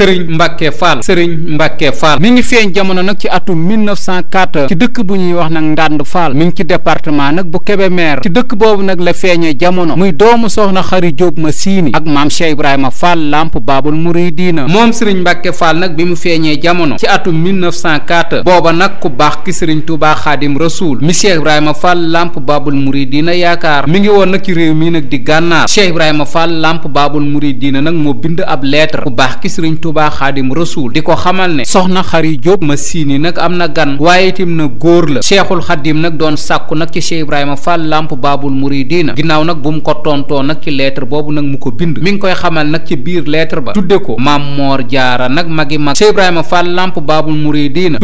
Serigne Mbacke Fall Serigne Mbacke Fall mi ngi feeñ jamono nag ci atum 1904 ci dëkk bu ñuy wax nag Ndande faal mi ngi ci département nag bu Kébémer ci dëkk boobu nag la feeñee jamono muy doomu soxna Xari Jóob ma siini ak maam Cheikh Ibrahima Fall làmp Baabul diina moom Serigne Mbacke Fall nag bi mu feeñee jamono ci atum 1904 booba nag ku baax ki Serigne Touba Xaadim Rasuul mi Cheikh Ibrahima Fall Lamp Baabul Muridiina yaakaar mi ngi woon nag ci réew mi nag di gànnaar Ibrahima Fall Lamp Baabul Muridiina nag moo bind ab lettre ku baax Touba Xaadim Rasuul di ko xamal ne soxna Xari Jóob ma siini nag am na gan waaye itam na góor la Seexul Xaadim nag doon sàkku nag ci Cheikh Ibrahima Fall Lamp Baabul Muridiina ginnaaw nag bu mu ko tontoo nag ci boobu nag mu ko bind mi ngi koy xamal nag ci biir lettre ba tudde ko Maam Moor Jaara nag magi mag Cheikh Ibrahima Fall Lamp Baabul Muridiina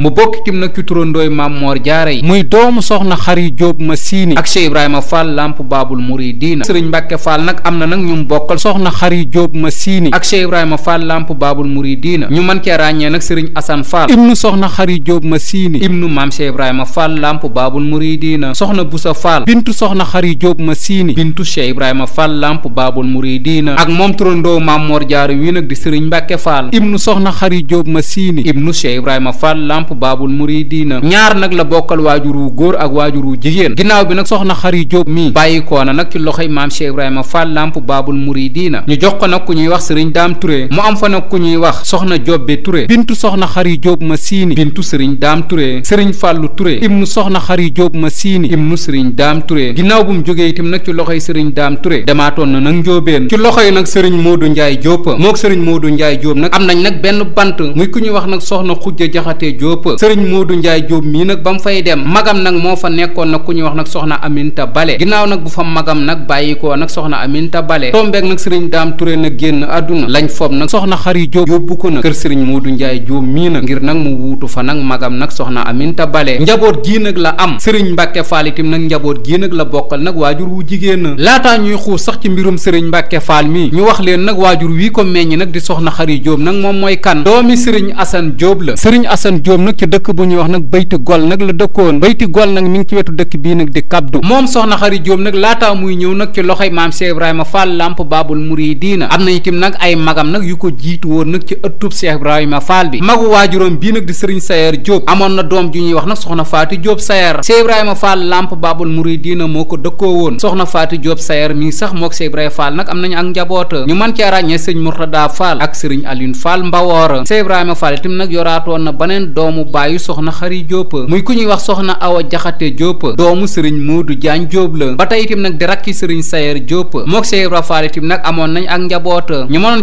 mu bokk itam nag ci turandooy Maam Moor Jaara yi muy doomu soxna Xari Jóob ma siini ak Cheikh Ibrahima Fall Lamp Baabul Muridiina Sëriñ Mbàkke Fall nag am na nag ñu bokkal soxna Xari Jóob ma siini ak Cheikh Ibrahima Fall Lamp Baabul Muridiina ñu mën cee ràññee nag sëriñ Assane Fall ibnu soxna Xari Jóob Masini ibnu maam Cheikh Ibrahima Fall Lamp Baabul Muridiina soxna Busa Fall bintu soxna Xari Jóob Masini bintu Cheikh Ibrahima Fall Lamp Baabul Muridiina ak moom turandoo maam Mor Jaara wi nag di sëriñ Mbàkke Fall ibnu soxna Xari Jóob Masini ibnu Cheikh Ibrahima Fall Lamp Baabul Muridiina ñaar nag la bokkal waajur wu góor ak waajur wu jigéen ginnaaw bi nag soxna Xari Jóob mii bàyyikoo na nag ci loxoy maam Cheikh Ibrahima Fall Lamp Baabul Muridiina ñu jox ko nag ku ñuy wax sëriñ Serigne Dame Touré mu am fa nag ku ñuy wax soxna Jobbe Touré bintu soxna Xari Jóob ma siini bintu Serigne Dame Touré Serigne Fàllu Touré ibnu soxna Xari Jóob ma siini ibnu Serigne Dame Touré ginnaaw bu mu jógee itam nag ci loxoy Serigne Dame Touré demaatoon na nag njóobeen ci loxoy nag Serigne Modou Ndiaye Diop mook Serigne Modou Ndiaye Diop nag am nañ nag benn bant muy ku ñuy wax nag soxna Xujja Jaxate Diop Serigne Modou Ndiaye Diop mii nag ba mu fay dem magam nag moo fa nekkoon nag ku ñuy wax nag soxna Aminta Bale ginnaaw nag bu fa magam nag bàyyikoo nag soxna Aminta Bale tombeek nag Serigne Dame Touré nag génn àdduna na lañ foob nag soxna Xari Jóob yóbbu ko nag kër sëriñ Moodu Njaay Jóob mii nag ngir nag mu wuutu fa nag magam nag soxna Aminta Bale njaboot gii nag la am sëriñ Mbàkke Faal itam nag njaboot gii nag la bokkal nag waajur wu jigéen na laataa ñuy xuus sax ci mbirum sëriñ Mbàkke Faal mi ñu wax leen nag waajur wii ko meññ nag di soxna Xari Jóob nag moom mooy kan doomi sëriñ Asan Jóob la sëriñ Asan Jóob nag ci dëkk bu ñuy wax nag bayti gol nag la dëkkoon bayti gol nag mi ci wetu dëkk bii nag di kabdu moom soxna Xari Jóob nag laata muy ñëw nag ci loxoy maam na itam nag ay ay magam nag yu ko jiitu woon nag ci ëttub Cheikh Ibrahima Fall bi magu waajuróom bii nag di Serigne Sayer Diop amoon na doom ju ñuy wax nag soxna Faati Diop Sayer Cheikh Ibrahima Fall Lamp Babul Mouridina moo ko dëkkoo woon soxna Faati Diop Sayer mi sax mook Cheikh Ibrahima Fall nag am nañu ak njaboota ñu mën cee ràññee sëñ Mourtada Fall ak sëriñ Alioune Fall Mbawoor Cheikh Ibrahima Fall itam nag yoraatoon na baneen doomu baayu soxna Xari Diop muy ku ñuy wax soxna Awa Jaxate Diop doomu sëriñ Modou Diagne Diop ba tey itam nag di rakki sëriñ Sayer Diop mook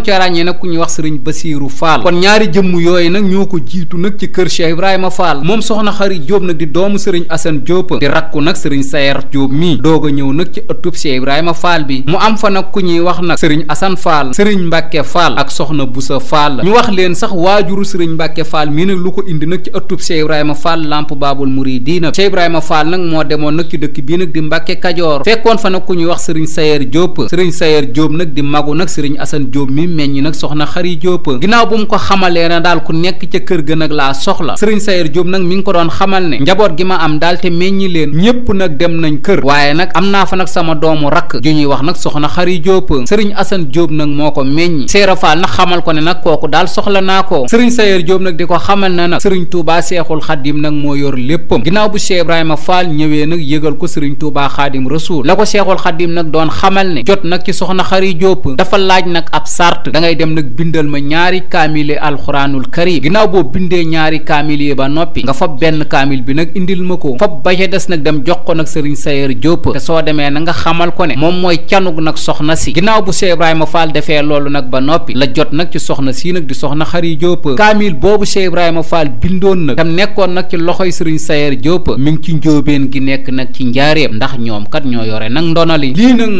mënoon ca nag ku ñuy wax sëriñ Basiiru Faal kon ñaari jëmm yooyu nag ñoo ko jiitu nag ci kër Cheikh Ibrahima Faal moom soxna Xari Jóob nag di doomu sëriñ Asan Jóob di rakku nag sëriñ Sayar Jóob mii doog a ñëw nag ci ëttub Cheikh Ibrahima Faal bi mu am fa nag ku ñuy wax nag sëriñ Asan Faal sëriñ Mbàkke Faal ak soxna Busa Faal ñu wax leen sax waajuru sëriñ Mbàkke Faal mii nag lu ko indi nag ci ëttub Cheikh Ibrahima Faal Lamp Baabul Muridiina Cheikh Ibrahima Faal nag moo demoon nag dëkk bii nag di Mbàkke Kajoor fekkoon fa nag ku ñuy wax sëriñ Sayar Jóob sëriñ Sayar Jóob nag di magu nag sëriñ Asan Jóob mi meññ nag soxna xari Diop ginnaaw bu mu ko xamalee na daal ku nekk ca kër ga nag laa soxla Serigne Sayer Diop nag mi ngi ko doon xamal ne njaboot gi ma am daal te meññi leen ñépp nag dem nañ kër waaye nag am naa fa nag sama doomu rakk ju ñuy wax nag soxna xari Diop Serigne Assane Diop nag moo ko meññi Seera Fall nag xamal ko ne nag kooku daal soxla naa ko Serigne Sayer Diop nag di ko xamal na nag Serigne Touba Seexul Xadim nag moo yor léppam ginnaaw bu Cheikh ma Fall ñëwee nag yëgal ko Serigne Touba Xadim Rasul la ko Seexul Xadim nag doon xamal ne jot nag ci soxna xari Diop dafa laaj nag ab sart natt da ngay dem nag bindal ma ñaari kaamile alxuraanul karim ginnaaw boo bindee ñaari kaamil ba noppi nga fob benn kaamil bi nag indil ma ko fob ba des nag dem jox ko nag sëriñ Sayer Diop te soo demee na nga xamal ko ne moom mooy canug nag soxna si ginnaaw bu Cheikh Ibrahima faal defee loolu nag ba noppi la jot nag ci soxna si nag di soxna Xari Diop kaamil boobu Cheikh Ibrahima Fall bindoon nag tam nekkoon nag ci loxoy sëriñ Sayer Diop mi ngi ci njóobeen gi nekk nag ci njaareem ndax ñoom kat ñoo yore nag ndonali lii nag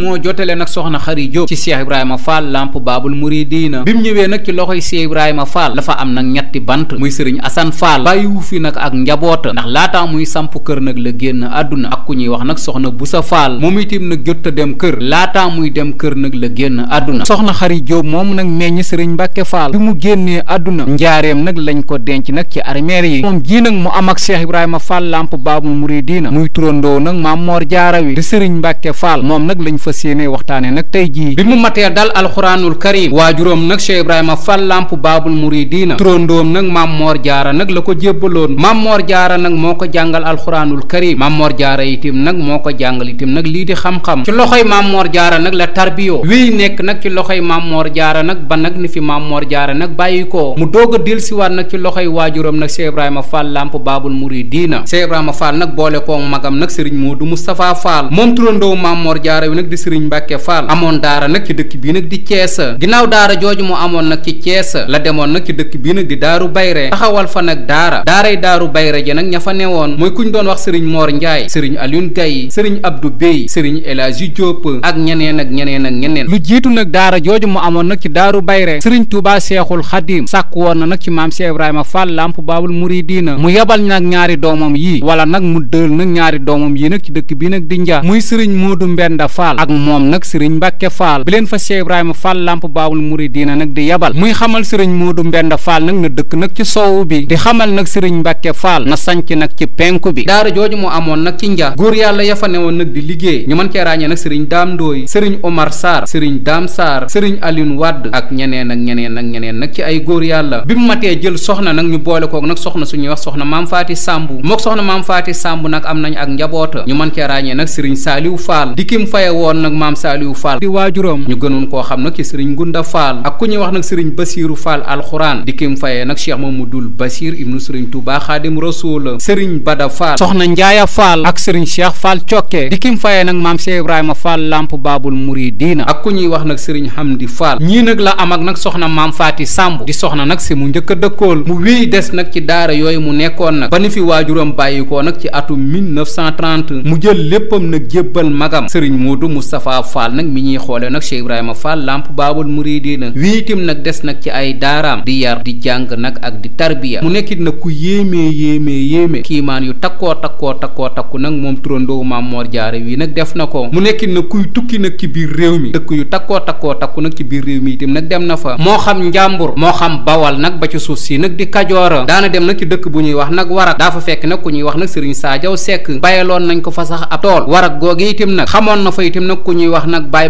soxna Xari muridiina bi mu ñëwee nag ci loxoy Cheikh Ibrahima Fall dafa am nag ñetti bant muy sëriñ Assane Fall bàyyiwu fi nag ak njaboota ndax laataa muy samp kër nag la génn àdduna ak ku ñuy wax nag soxna bu Fall moom itam nag jot dem kër laataa muy dem kër nag la génn àdduna soxna Xari moom nag meññ sëriñ Mbàkke Fall bi mu génnee àdduna njaareem nag lañ ko denc nag ci armeer yi jii nag mu am ak Cheikh Ibrahima Fall lamp baabul muridiina muy turandoo nag maam Moor wi di sëriñ Mbàkke Fall moom nag lañ fa yéenee waxtaane nag tey jii bi mu matee dal alxuraanul karim waajuróom nag Cheikh ma Fall Lamp Baabul Muridiina turandoom nag ma Moor Jaara nag la ko jébbaloon Maam Moor Jaara nag moo ko jàngal alxuraanul karim Maam Moor Jaara itam nag moo ko jàngal itam nag lii di xam-xam ci loxoy Maam Moor Jaara la tarbiyoo wii nekk nag ci loxoy Maam Moor Jaara nag ba nag ni fi Maam Moor Jaara nag ko mu doog a dellusiwaat nag ci loxoy waajuróom nag Cheikh Ibrahima Fall Lamp Baabul Muridiina Cheikh Ibrahima Fall nag boole koo magam nag Serigne Modou Moustapha Fall moom turandoo Maam Moor Jaara wi nag di Serigne Mbacke Fall amoon daara nag ci dëkk bii nag di Thiès ginnaaw daara jooju mu amoon nag ci Thiès la demoon nag ci dëkk bii nag di daaru bayre taxawal fa nag daara daaray daaru bayre ji nag ña fa ne woon mooy ku ñu doon wax sëriñ Mor Ndiaye sëriñ Alioune Gaye sëriñ Abdou Bey sëriñ El Hadji Diop ak ñeneen ak ñeneen ak ñeneen lu jiitu nag daara jooju mu amoon nag ci daaru bayre sëriñ Touba Seexul Xadim sàkk woon na nag ci maam Cheikh Ibrahima Fall lamp baabul muridina mu yebal nag ñaari doomam yii wala nag mu dël nag ñaari doomam yii nag ci dëkk bii nag di Nja muy sëriñ Modou Mbenda Fall ak moom nag sëriñ Mbacke Fall bi leen fa Cheikh Ibrahima lamp baabul Ikhwaul Mouridina nag di yabal muy xamal sëriñ Moodu Mbenda Fall nag na dëkk nag ci soowu bi di xamal nag sëriñ Mbàkke Fall na sanc nag ci penku bi daara jooju mu amoon nag ci nja góor yàlla ya fa newoon nag di liggéey ñu mën cee ràññee nag sëriñ Daam Ndooy sëriñ Omar Sarr sëriñ Daam Sarr sëriñ Alioune Wade ak ñeneen ak ñeneen ak ñeneen nag ci ay góor yàlla bi mu matee jël soxna nag ñu boole kook nag soxna ñuy wax soxna maam Faati Sambu mook soxna maam Faati Sambu nag am nañ ak njaboota ñu man cee ràññee nag sëriñ Saaliw Fall di kim faye woon nag maam Saaliw Fall di waajuram ñu gënoon koo xam nag ci sëriñ Gunda Ibra Fall ak ku ñuy wax nag sëriñ Basiiru Fall alxuraan di kim fayee nag Cheikh Mamadul Basiir ibnu sëriñ Touba Xaadim Rasul sëriñ Bada Fall soxna Njaaya Fall ak sëriñ Cheikh Fall Cokke di kim nag maam Cheikh Ibrahima Fall Lamp Baabul Muridiina ak ku ñuy wax nag sëriñ di Fall ñii nag la am ak nag soxna maam Faati Samb di soxna nag si mu njëkk a dëkkool mu wéy des nag ci daara yooyu mu nekkoon nag ba ni fi waajuram bàyyikoo nag ci atum 1930 mu jël léppam nag jébbal magam sëriñ Moodu Moustapha Fall nag mi ñuy xoolee nag muridiina wiitim nag des nag ci ay daaraam di yar di jàng nag ak di tarbiya mu nekkit nag ku yéemee yéemee yéemee kiimaan yu takkoo takkoo takkoo takku nag moom turandoowu maam Mor Jaara wi nag def na ko mu nekkit nag kuy tukki nag ci biir réew mi dëkk yu takkoo takkoo takku nag ci biir réew mi itam nag dem na fa moo xam njàmbur moo xam bawal nag ba ci suuf si nag di kajoora daana dem nag ci dëkk bu ñuy wax nag warak daa fa fekk nag ku ñuy wax nag sëriñ Saajaw Sekk bayaloon nañ ko fa sax ab tool warak googu itam nag na fa itam nag ku ñuy wax nag bay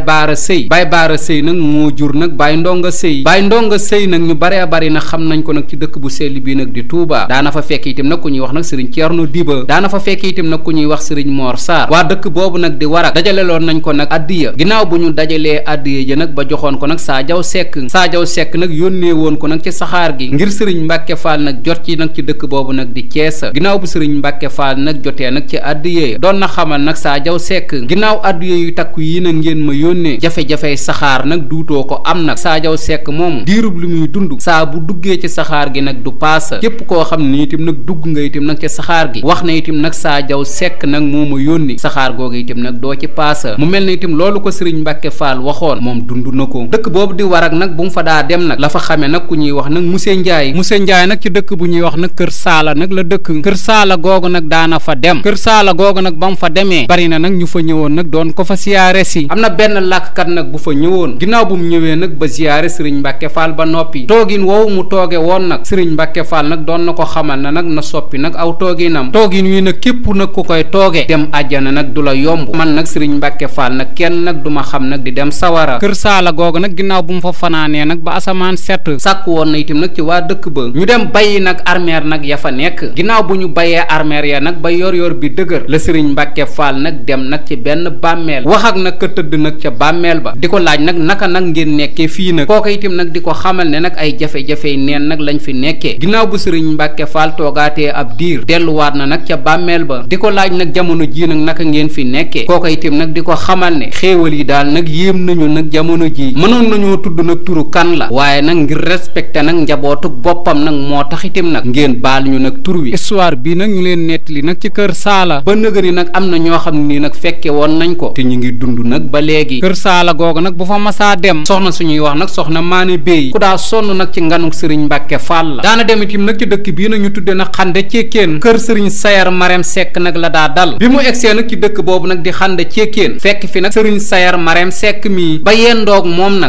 nag Baye Ndonga Sëy Baye Ndonga Sëy nag ñu bare bari nag xam nañ ko nag ci dëkk bu sell bii nag di Touba daana fa fekk itam nag ku ñuy wax nag sëriñ Ceerno Diba daana fa fekk itam nag ku ñuy wax sëriñ Mor Sarr waa dëkk boobu nag di warak dajale loon nañ ko nag addiya ginnaaw bu ñu dajalee addiya ji nag ba joxoon ko nag Saajaw Sekk Saajaw Sekk nag yónnee woon ko nag ci saxaar gi ngir sëriñ Mbàkke Faal nag jot ci nag ci dëkk boobu nag di Ceesa ginnaaw bu sëriñ Mbàkke Faal nag jotee nag ci addiya doon na xamal nag Saajaw Sekk ginnaaw addiya yu takku yi nag ngeen ma yónnee jafe-jafey saxaar nag xam nag Sadio Seck moomu diirub li muy dund saa bu duggee ci saxaar gi nag du paasa képp koo xam ni itam nag dugg nga itam nag ci saxaar gi wax na itam nag Sadio Seck nag moo ma yónni saxaar googu itam nag doo ci paasa mu mel na itam loolu ko Serigne Mbacke Fall waxoon moom dund na ko dëkk boobu di warak nag bu mu fa daa dem nag la fa xamee nag ku ñuy wax nag monsieur Ndiaye monsieur Ndiaye nag ci dëkk bu ñuy wax nag kër saala nag la dëkk kër saala googu nag daana fa dem kër saala googu nag ba mu fa demee bari na nag ñu fa ñëwoon nag doon ko fa si am na benn làkkat nag bu fa ñëwoon nag ba ziyaare sëriñ mbàkke faal ba noppi toogin woowu mu tooge woon nag sëriñ mbàkke faal nag doon na ko xamal na nag na soppi nag aw tooginam toogin wi nag képp nag ku koy tooge dem àjjana nag du la yomb man nag sëriñ mbàkke faal nag kenn nag du xam nag di dem sawara kër saala googu nag ginnaaw bu mu fa fanaanee nag ba asamaan set sàkk woon na itam nag ci waa dëkk ba ñu dem bàyyi nag armeer nag ya fa nekk ginnaaw bu ñu bayee armeer ya nag ba yor yor bi dëgër la sëriñ mbàkke faal nag dem nag ci benn bàmmeel wax ak nag tëdd nag ca bàmmeel ba di nekkee fii nag kooka di ko xamal ne nag ay jafe-jafe neen nag lañ fi nekkee ginnaaw bu sëriñ Mbàkke Faal toogaatee ab diir delluwaat na nag ca bàmmeel ba di ko laaj nag jamono ji nag naka ngeen fi nekkee kooka itam nag di ko xamal ne xéewal yi daal nag yéem nañu nag jamono ji mënoon nañoo tudd nag turu kan la waaye nag ngir respecté nag njabootug boppam nag moo tax itam nag ngeen baal ñu nag tur wi histoire bi nag ñu leen nettali nag ci kër saala ba nëgëni nag am na ñoo xam nii nag fekke woon nañ ko ñu ngi dund nag ba léegi suñuy wax nag soxna maane béy ku daa sonn nag ci nganuk sëriñ mbàkke fall la daana dem itam nag ci dëkk bii nag ñu tudde nag xande ceekeen kër sëriñ sayar marem sekk nag la daa dal di sëriñ ba yendoog moom na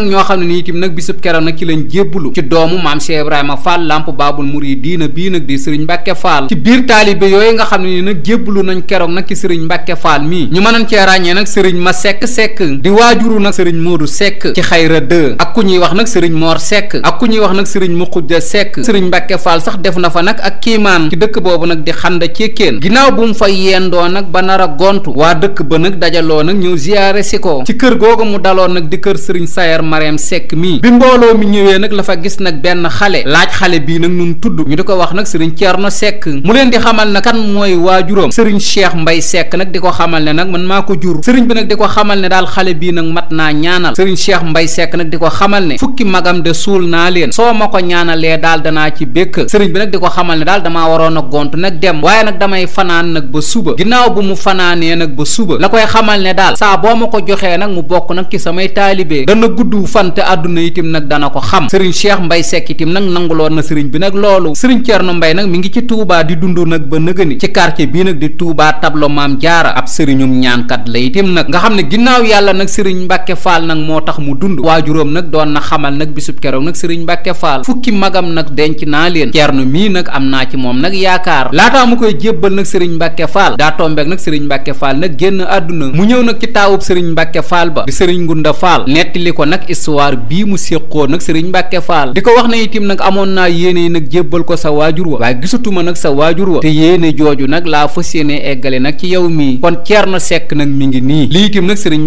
ñoo xam ne ni itam nag bisub keroog nag ci lañ jébbulu ci doomu maam Cheikh Ibrahima Fall lamp baabul muridiina bii nag di sëriñ mbàkke fall ci biir taalibe yooyu nga xam ne ni nag jébbulu nañ keroog nag ci sëriñ mbàkke fall mii ñu mënoon cee ràññee nag sëriñ ma sekk sekk di waajuru nag sëriñ moodu sekk xayra 2 ak ku ñuy wax nag sëriñ Mor Seck ak ku ñuy wax nag sëriñ Muxuja sekk sëriñ Mbàkke Fall sax def na fa nag ak kiimaan ci dëkk boobu nag di xanda cekkeen ginnaaw bu mu fa yendoo nag ba nar a gontu waa dëkk ba nag dajaloo nag ñëw ziyaare si ko ci kër googu mu daloon nag di kër sëriñ Sayar Mariam Seck mii bi mbooloo mi ñëwee nag lafa gis nag benn xale laaj xale bii nag nun tudd ñu di ko wax nag sëriñ Ceerno sekk mu leen di xamal na kan mooy waajuram sëriñ Cheikh Mbay Seck nag di ko xamal ne nag man maa ko jur sëriñ bi nag di ko xamal ne daal xale bii nag mat naa ñaanal sëriñ Cheikh mbay sekk nag di ko xamal ne fukki magam de suul naa leen soo ma ko ñaanalee daal danaa ci békk sëriñ bi nag di ko xamal ne daal damaa waroon a gont nag dem waaye nag damay fanaan nag ba suba ginnaaw bu mu fanaanee nag ba suba la koy xamal ne daal saa boo ma ko joxee nag mu bokk nag ci samay taalibee dana gudd fan te àdduna itim nag dana ko xam sëriñ Cheikh Mbay Sekk itim nag nanguloon na sëriñ bi nag loolu sëriñ Cerno Mbay nag mi ngi ci Touba di dund nag ba nëgëni ci quartier bii nag di Touba tablo maam jaara ab sëriñum ñaankat la itim nag nga xam ne ginnaaw yàlla nag sëriñ Mbàkke Faal nag moo tax mu dund dund waajuróom nag doon na xamal nag bisub keroog nag sëriñ Mbàkke Faal fukki magam nag denc naa leen ceerno mii nag am naa ci moom nag yaakaar laataa mu koy jébbal nag sëriñ Mbàkke Faal daa tombeek nag sëriñ Mbàkke Faal nag génn àdduna mu ñëw nag ci taawub sëriñ Mbàkke Faal ba di sëriñ Ngunda Faal li ko nag histoire bii mu séqoo nag sëriñ Mbàkke Faal di ko wax na itim nag amoon naa yi nag jébbal ko sa waajur wa waaye gisatuma nag sa waajur wa te jooju nag laa fas yéene eggale nag ci yow mii kon ceerno sekk nag mi ngi nii lii itim nag sëriñ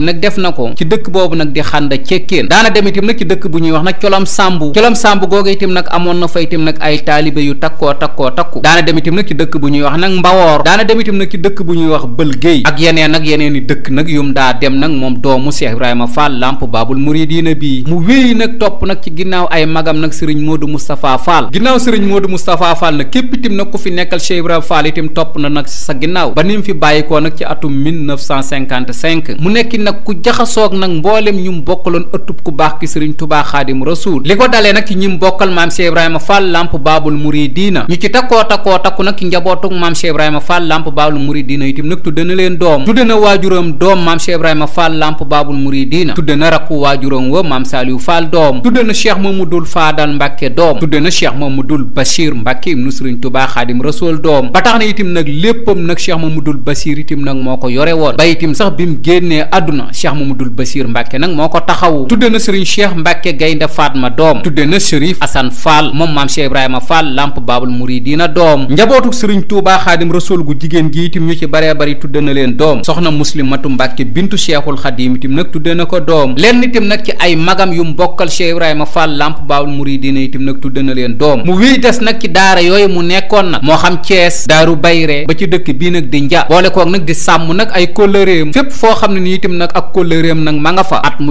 nag def na ko ci dëkk boobu xanda cekkeen daana dem itam nag ci dëkk bu ñuy wax nag colom sàmbu colom sàmbu googu itam nag amoon na fa itam nag ay taalibe yu takkoo takkoo takku daana dem itam nag ci dëkk bu ñuy wax nag mbawoor daana dem itam nag ci dëkk bu ñuy wax bëlgéey ak yeneen ak yeneen i dëkk nag yum daa dem nag moom doomu Cheikh Ibrahima Fall Lamp Baabul Muridiina bii mu wéy nag topp nag ci ginnaaw ay magam nag sëriñ Modou Moustapha Fall ginnaaw sëriñ Modou Moustapha Fall nag képp itam nag ku fi nekkal Cheikh Ibrahima Fall itam topp na sa ginnaaw ba fi bàyyikoo nag ci atum 1955 mu nekki nag ku jaxasoog nag mboolem mu bokkaloon ëttub ku baax ki sëriñ tubaa xaadim rasuul li ko dalee nag ci ñim bokkal maam Cheikh Ibrahima Fall lamp baabul muridiina ñu ci takkoo takkoo takku nag ci njabootug maam Cheikh a Fall lamp baabul muridiina itam nag tudde na leen doom tudde na waajuram doom maam Cheikh a Fall lamp baabul muridiina tudde na rakku waajuram wa maam Saliou faal doom tudde na Cheikh Mamadul Faadal Mbàkke doom tudde na Cheikh Mamadul Bachir Mbàkke ibnu sëriñ tubaa xaadim rasuul doom ba tax na itam nag léppam nag Cheikh Mamadul Bachir itam nag moo ko yore woon ba itam bi mu génnee àdduna Cheikh Mamadul Bachir Mbàkke nag moo ko taxawu tudde na sëriñ cheikh mbàkke gaynde faatma doom tudde na sërif asan faal moom maam cheikh ma faal lamp baabul muridiina doom njabootuk sëriñ tuubaa xaadim rasul gu jigéen gi itam ñu ci bare bari tudde na leen doom soxna muslimatu mbàkke bintu cheikhul xadim itam nag tudde na ko doom lenn itam nag ci ay magam yu mbokkal cheikh ma faal lamp baabul muridiina itam nag tudde na leen doom mu wii des nag ci daara yooyu mu nekkoon nag moo xam Cees daaru bayre ba ci dëkk bii nag di nja boole koog nag di sàmm nag ay kóllëreem fépp foo xam ne ni itam nag ak kóllëreem nag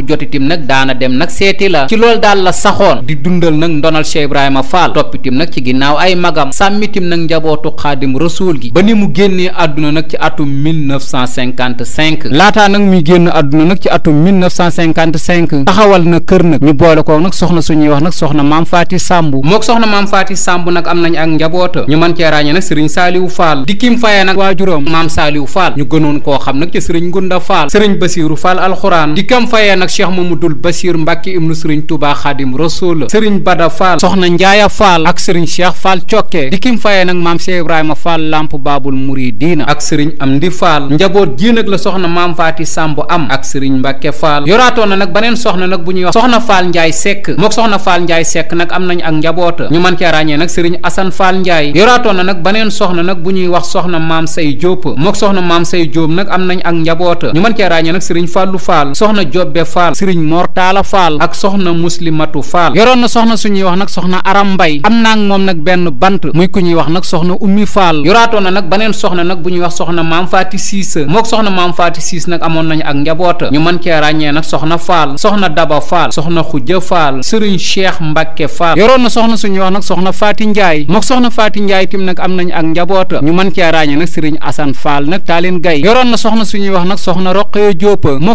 jotitim nag daana dem nag seeti la ci loolu daal la saxoon di dundal nag ndonal Cheikh Ibrahima Fall toppitim nag ci ginnaaw ay magam sàmmitim nag njabootu xaadim rasuul gi ba ni mu génnee àdduna nag ci atum 1955 laataa nag muy génn àdduna nag ci atum taxawal na kër nag ñu boole ko nag soxna su ñuy wax nag soxna maam Faati Samb mook soxna maam Faati Samb nag am nañ ak njaboota ñu man cee ràññee nag sëriñ Saaliwu faal di kim faye nag waajuram maam Saaliwu Fall ñu gënoon koo xam nag ci sëriñ cheikh mamadul bachir mbàkke ibnu sëriñ tubaa xaadim rasul sëriñ bada faal soxna njaaya faal ak sëriñ cheikh faal cokke di kim fayee nag maam cheikh ibrahima faal lamp ak sëriñ amdi faal njaboot ji nag la soxna maam faati na nag baneen soxna nag bu ñuy wax soxna faal njaay sekk mook soxna faal njaay sekk nag am nañ ak njaboota ñu man cee ràññee nag sëriñ asan faal njaay yoraatoon na nag baneen soxna nag bu ñuy wax soxna maam say jóob mook soxna maam say jóob nag am nañ ak njaboota ñu mën cee ràññee nag sëriñ fàllu faal soxna jobbe faal Fall sëriñ Mor Talla Fall ak soxna Muslimatu Fall yoroon na soxna suñuy wax nag soxna Aram Mbay am naa ak moom nag benn bant muy ku ñuy wax nag soxna Ummi Fall yoraatoon na nag baneen soxna nag bu ñuy wax soxna Maam Faati Siise mook soxna Maam Faati Siise nag amoon nañu ak njaboota ñu mën cee ràññee nag soxna Fall soxna Daba Fall soxna Xuja Fall sëriñ Cheikh Mbacke Fall yoroon na soxna suñuy wax nag soxna Faati Njaay mook soxna Faati Njaay tim nag am nañu ak njaboota ñu mën cee ràññee nag sëriñ Asan Fall na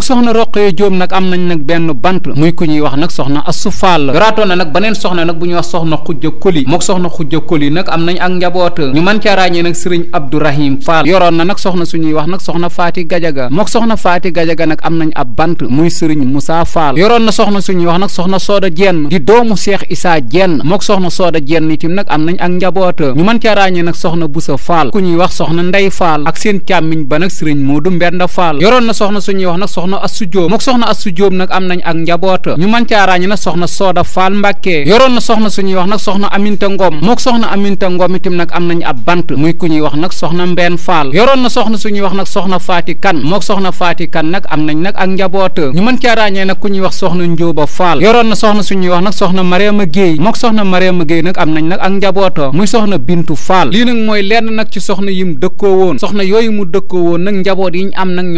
soxna nañ nag benn ku ñuy wax nag soxna assu faal yoraatoon na nag beneen soxna nag bu ñuy wax soxna xujja koli mook soxna xujja koli nag am nañ ak njaboot ñu mën caa ràññee nag sëriñ abdourahim faal yoroon na nag soxna suñuy wax nag soxna faati gajaga mook soxna faati gajaga nag am nañ ab bant muy sëriñ moussa faal yoroon na soxna su ñuy wax nag soxna sooda jenn di doomu seex isaa jenn mook soxna sooda jenn itim nag am nañ ak njaboot ñu mën caa ràññee nag soxna busa faal ku ñuy wax soxna ndey faal ak seen càmmiñ ba nag sëriñ moodu mbenda faal yoroon na soxna suñuy wax nag soxna assu mook soxna assu Jóob nag am nañ ak njaboot ñu mën caa ràññe na soxna Sooda Faal Mbàkke yoroon na soxna suñuy wax nag soxna Aminta Ngom mook soxna Aminta Ngom itam nag am nañ ab bant muy ku ñuy wax nag soxna Mbeen Faal yoroon na soxna suñuy wax nag soxna Faati Kan mook soxna Faati Kan nag am nañ nag ak njaboot ñu man caa ràññee nag ku ñuy wax soxna Njóoba Faal yoroon na soxna suñuy wax nag soxna Mariama Géey mook soxna Mariama Géey nag am nañ nag ak njaboota muy soxna Bintu Faal lii nag mooy lenn nag ci soxna yi yim dëkkoo woon soxna yooyu mu dëkkoo woon nag njaboot yi ñu am nag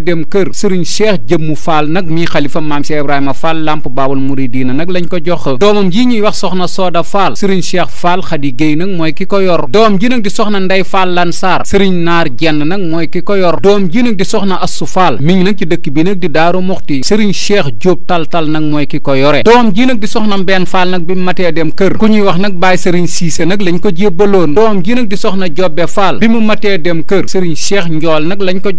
waree dem kër sëriñ cheikh jëmmu faal nag mii xalifa maam cheikh ibrahima faal lamp baawal muridina nag lañ ko jox doomam ji ñuy wax soxna sooda faal sëriñ cheikh faal xadi géey nag mooy ki ko yor doom ji nag di soxna ndey faal lan saar sëriñ naar jenn nag mooy ki ko yor doom ji nag di soxna assu faal mi ngi nag ci dëkk bi nag di daaru muxti sëriñ cheikh jóob taltal nag mooy ki ko yore doom ji nag di soxna mbenn faal nag bi matee dem kër ku ñuy wax nag bàyyi sëriñ siise nag lañ ko jébbaloon doom ji nag di soxna jobbe faal bi mu matee dem kër sëriñ cheikh njool nag lañ ko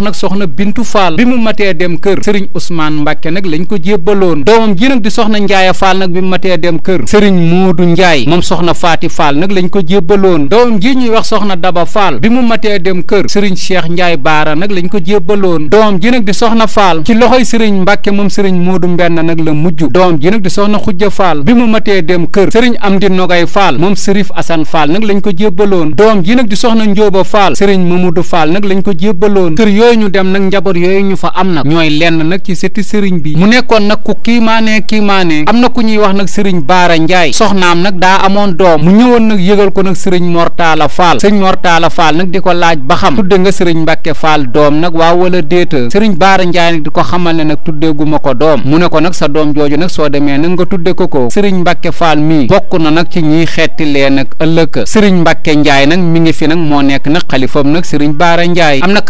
wax nag soxna Bintu Fall bi mu matee dem kër Serigne Ousmane Mbacke nag lañ ko jébbaloon doomam ji nag di soxna Ndiaye Fall nag bi mu matee dem kër Serigne Modou Ndiaye moom soxna Faati Fall nag lañ ko jébbaloon doomam ji ñuy wax soxna Daba Fall bi mu matee dem kër Serigne Cheikh Ndiaye Baara nag lañ ko jébbaloon doomam ji nag di soxna Fall ci loxoy Serigne Mbacke moom Serigne Modou Mbenn nag la mujj doomam ji nag di soxna Xujja Fall bi mu matee dem kër Serigne Amdi Nogay Fall moom Serif Assane Fall nag lañ ko jébbaloon doomam ji nag di soxna Njóoba Fall Serigne ko yooyu ñu dem nag njaboot yooyu ñu fa am nag ñooy lenn nag ci sëti sëriñ bi mu nekkoon nag ku kiimaane kiimaane am na ku ñuy wax nag sëriñ Baara Njaay soxnaam nag daa amoon doom ñëwoon nag yëgal ko nag sëriñ Mortala Faal sëriñ Mortala Faal nag di ko laaj ba xam tudde nga sëriñ mbakke Faal doom nag waaw wala déeta sëriñ Baara Njaay nag di ko xamal ne nag tuddeeguma ko doom mu ne ko nag sa doom jooju nag soo demee nag nga tudde ko ko sëriñ mbakke Faal mii bokk na nag ci ñiy xeeti lee nag ëllëg sëriñ Mbàkke Njaay nag mi ngi fi nag moo nekk nag xalifam na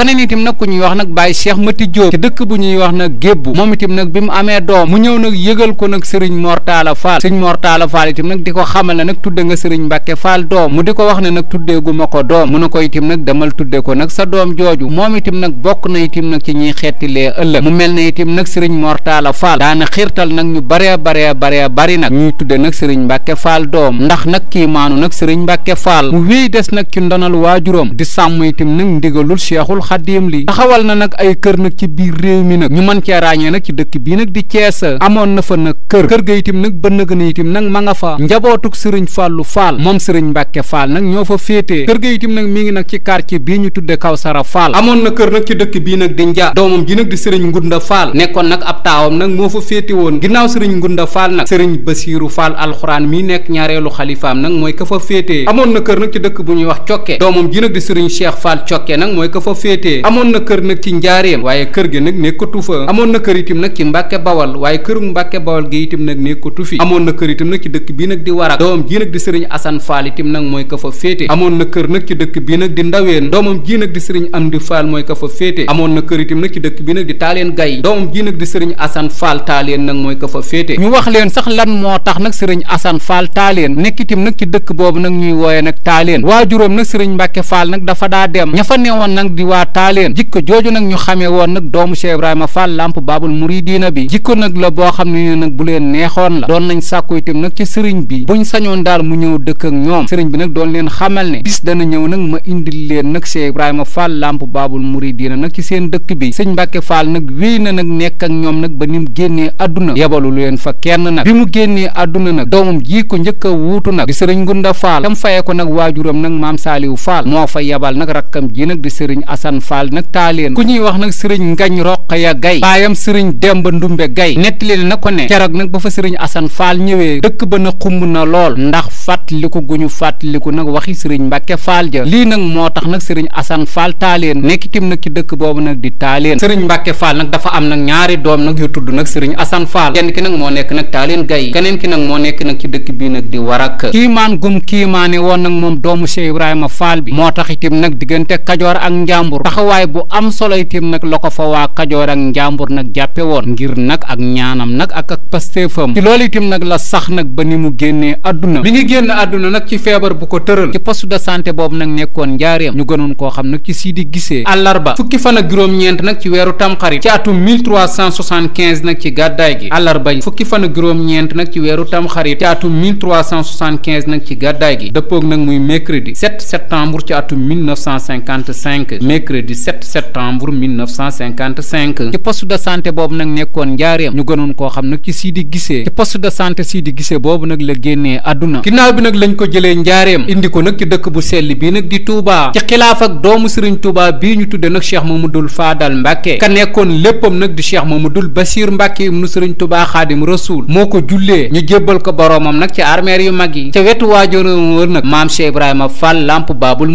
keneen nag ku ñuy wax nag bàyyi Cheikh Mati Diop ci bu ñuy wax nag gébbu moom itam nag bi mu amee doom mu ñëw nag yëgal ko nag sëriñ Mortala Fall sëriñ Mortala Fall itam nag di ko xamal ne nag tudde nga sëriñ Mbacke Fall doom mu di ko wax ne nag tuddeegu ma ko doom mu ne ko itam nag demal tudde ko nag sa doom jooju moom itam nag bokk na itam nag ci ñuy xeetilee ëllëg mu mel ne itam nag sëriñ Mortala Fall daana xiirtal nag ñu bare baree baree bari nag ñuy tudde nag sëriñ Mbacke Fall doom ndax nag kii maanu nag sëriñ Mbacke Fall mu wéy des nag ci ndonal waajuram di sàmm itam nag ndigalul Cheikhul Xadim taxawal na nag ay kër nag ci biir réew mi nag ñu man cee ràññee nag ci dëkk bii nag di Cees amoon na fa nag kër kër ga itam nag ba nëgën itam nag ma nga fa njabootug sëriñ Fallou Fall moom sëriñ Mbacke Fall nag ñoo fa féetee kër ga itam nag mi ngi nag ci quartier bii ñu tudde Kawsara faal amoon na kër nag ci dëkk bii nag di Njaa doomam ji nag di sëriñ Ngunda Fall nekkoon nag ab taawam nag moo fa féete woon ginnaaw sëriñ Ngunda Fall nag sëriñ Basiiru Fall alxuraan mii nekk ñaareelu xalifaam nag mooy ka fa féetee amoon na kër nag ci dëkk bu ñuy wax Cokke doomam ji nag di sëriñ Cheikh Fall Cokke nag mooy ka fa féetee na kër nag ci njaareem waaye kër gi nag nekkatu fa amoon na kër itam nag ci mbàkke bawal waaye këru mbàkke bawal gi itam nag nekkatu fi amoon na kër itam nag ci dëkk bii nag di warak doomam ji nag di sëriñ asan faal itam nag mooy ka fa féete amoon na kër nag ci dëkk bii nag di ndaween doomam ji nag di sëriñ am di faal mooy ka fa féete amoon na kër itam nag ci dëkk bii nag di taaleen gay doomam ji nag di sëriñ asan faal taaleen nag mooy ka fa féete ñu wax leen sax lan moo tax nag sëriñ asan faal taaleen nekk itam nag ci dëkk boobu nag ñuy wooye nag taaleen waajuróom nag sëriñ mbàkke faal nag dafa daa dem ña fa newoon nag di waa taaleen jikko jooju nag ñu xamee woon nag doomu Cheikh a Fall Lamp Baabul Muridiina bi jikko nag la boo xam ne nag bu leen neexoon la doon nañ sàkku itam nag ci sëriñ bi buñ sañoon daal mu ñëw dëkk ak ñoom sëriñ bi nag doon leen xamal ne bis dana ñëw nag ma indil leen nag Cheikh Ibrahima Fall Lamp Baabul Muridiina nag ci seen dëkk bi sëñ Mbàkke faal nag wéy na nag nekk ak ñoom nag ba ni mu génnee àdduna yebalu leen fa kenn nag bi mu génnee àdduna nag doomam jii njëkk wuutu nag sëriñ Ngunda Fall tam fayee ko nag waajuram nag maam Saaliwu Fall moo fa yebal nag rakkam ji nag di sëriñ Asan nag taaleen ku ñuy wax nag sëriñ ngañ roqaya gay baayam sëriñ demba ndumbe gay nettali nag ko ne keroog nag ba fa sëriñ asan faal ñëwee dëkk ba na xumb na lool ndax fàttaliku gu ñu fàttaliku nag waxi sëriñ mbàkke faal ja lii nag moo tax nag sëriñ asan faal taaleen nekkitim nag ci dëkk boobu nag di taaleen sëriñ mbàkke faal nag dafa am nag ñaari doom nag yu tudd nag sëriñ asan faal kenn ki nag moo nekk nag taaleen gay keneen ki nag moo nekk nag ci dëkk bii nag di warak kiimaan gum kiimaane woon nag moom doomu Cheikh Ibrahima Faal bi moo tax itim nag diggante kajoor ak am solo itam nag la ko fa waa kajoor ak njàmbur nag jàppe woon ngir nag ak ñaanam nag ak ak pastéefam ci lool itam nag la sax nag ba ni mu génnee àdduna mi ngi génn àdduna nag ci feebar bu ko tëral ci poste de santé boobu nag nekkoon njaareem ñu gënoon ko xam nag ci Sidi Gisee àllarba fukki fan ak juróom-ñeent nag ci weeru tamxarit ci atum 1375 nag ci gàddaay gi àllarba fukki fan ak juróom-ñeent nag ci weeru tamxarit ci atum 1375 nag ci gàddaay gi dëppoog nag muy mercredi 7 septembre ci atum 1955 mercredi 7 septembre 1955 ci poste de santé boobu nag nekkoon njaareem ñu gënoon koo xam nag ci Sidi Gisee ci poste de santé Sidi Gisee boobu nag la génnee àdduna ginnaaw bi nag lañ ko jëlee njaareem indi ko nag ci dëkk bu sell bii nag di Touba ci xilaaf ak doomu Serigne Touba bii ñu tudde nag Cheikh Mamadou Fadal Mbacke ka nekkoon léppam nag di Cheikh Mamadou Bassir Mbacke ibnu Serigne Touba Xaadim Rasoul moo ko jullee ñu jébbal ko boroomam nag ci armeer yu mag yi ca wetu waajuram wër nag maam Cheikh Ibrahima Fall Lamp Baabul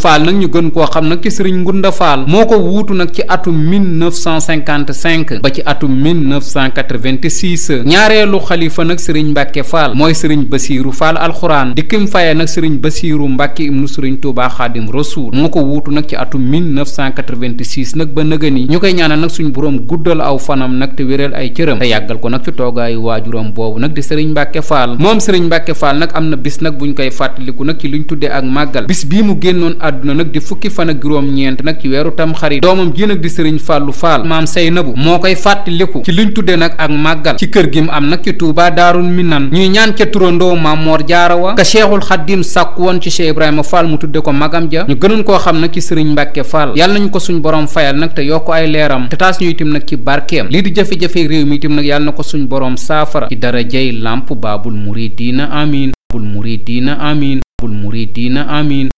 Fall nag ñu gën koo xam nag ci sëriñ Ngunda Fall moo ko wuutu nag ci atum 1955 ba ci atum 1986 ñaareelu xalifa nag sëriñ Mbàkke Fall mooy sëriñ Basiiru Fall alxuraan di kim faye nag sëriñ Basiiru Mbàkke ibnu sëriñ Tuubaa Xaadim Rasuul moo ko wuutu nag ci atum 1986 nag ba nëgëni ñu koy ñaanal nag suñu boroom guddal aw fanam nag te wéral ay cëram te yàggal ko nag ci toogaayu waajuram boobu nag di sëriñ Mbàkke Fall moom sëriñ Mbàkke Fall nag am na bis nag buñ koy fàttaliku nag ci luñ tuddee ak màggal bis àdduna nag di fukki fan ak juróom-ñeent nag ci weeru tam xarit doomam ji nag di sëriñ fàllu faal maam Seynabu moo koy fàttaliku ci liñ tudde nag ak màggal ci kër gi mu am nag ci Touba Daarul Minan ñuy ñaan ca turandoo maam Moor Jaara wa ka Cheikhul Xaddim sàkku woon ci Cheikh Ibrahima Fall mu tudde ko magam ja ñu gënoon koo xam nag ci sëriñ Mbàkke Fall yàlla nañu ko suñ borom fayal nag te yokk ay leeram te taas ñu itam nag ci barkeem lii di jafe-jafe réew mi itam nag yàlla na ko suñ borom saafara ci dara jey làmp baabul muridina amin